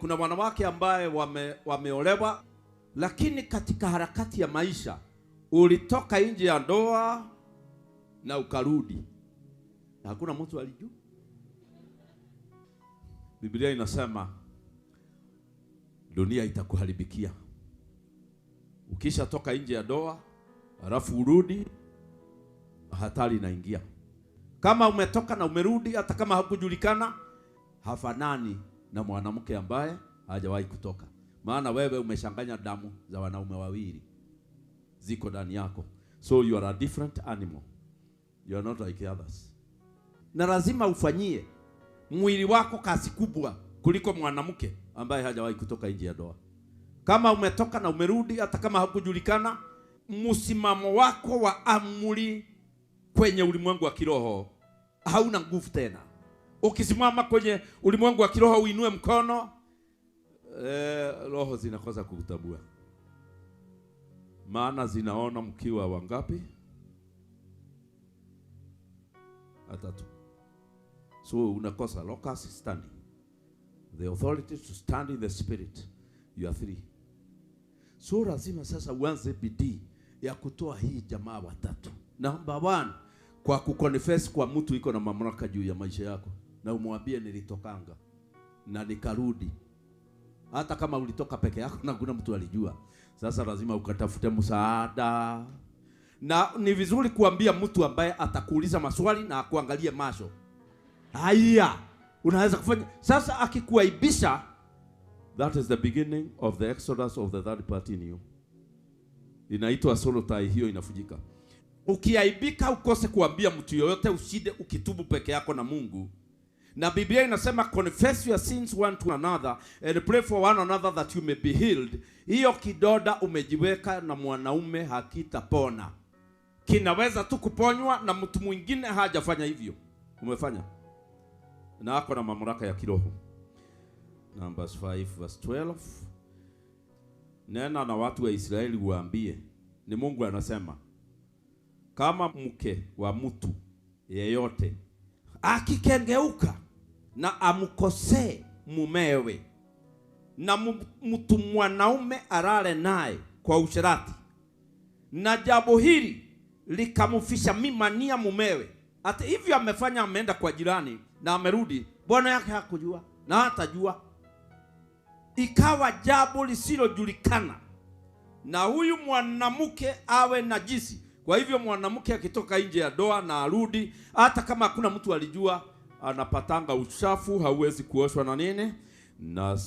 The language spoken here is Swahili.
Kuna wanawake ambaye wame, wameolewa lakini katika harakati ya maisha ulitoka nje ya ndoa na ukarudi, na hakuna mtu alijua. Biblia inasema dunia itakuharibikia ukisha toka nje ya ndoa halafu urudi, hatari inaingia. Kama umetoka na umerudi, hata kama hakujulikana, hafanani na mwanamke ambaye hajawahi kutoka, maana wewe umeshanganya damu za wanaume wawili ziko ndani yako, so you are a different animal, you are not like others. Na lazima ufanyie mwili wako kazi kubwa kuliko mwanamke ambaye hajawahi kutoka nje ya ndoa. Kama umetoka na umerudi, hata kama hakujulikana, msimamo wako wa amri kwenye ulimwengu wa kiroho hauna nguvu tena. Ukisimama kwenye ulimwengu wa kiroho uinue mkono eh, roho zinakosa kukutambua, maana zinaona mkiwa wangapi? Atatu. So unakosa locus standing, the authority to stand in the spirit, you are three. So lazima sasa uanze bidii ya kutoa hii jamaa watatu. Number one, kwa kuconfess kwa mtu iko na mamlaka juu ya maisha yako na umwambie nilitokanga na nikarudi, hata kama ulitoka peke yako na kuna mtu alijua. Sasa lazima ukatafute msaada, na ni vizuri kuambia mtu ambaye atakuuliza maswali na akuangalie macho. Haya, unaweza kufanya sasa. Akikuaibisha, that is the beginning of the exodus of the third party in you. Inaitwa solo tie, hiyo inafujika. Ukiaibika ukose kuambia mtu yoyote, ushide ukitubu peke yako na Mungu na Biblia inasema confess your sins one to another and pray for one another that you may be healed. Hiyo kidoda umejiweka na mwanaume hakitapona, kinaweza tu kuponywa na mtu mwingine hajafanya hivyo, umefanya na ako na mamlaka ya kiroho. Numbers 5 verse 12, nena na watu wa Israeli waambie ni Mungu anasema, kama mke wa mtu yeyote akikengeuka na amkosee mumewe na mtu mwanaume alale naye kwa usherati, na jambo hili likamufisha mimania mumewe, hata hivyo amefanya, ameenda kwa jirani na amerudi, bwana yake hakujua na hatajua, ikawa jambo lisilojulikana, na huyu mwanamke awe najisi kwa hivyo mwanamke akitoka nje ya doa na arudi, hata kama hakuna mtu alijua, anapatanga uchafu, hauwezi kuoshwa na nini na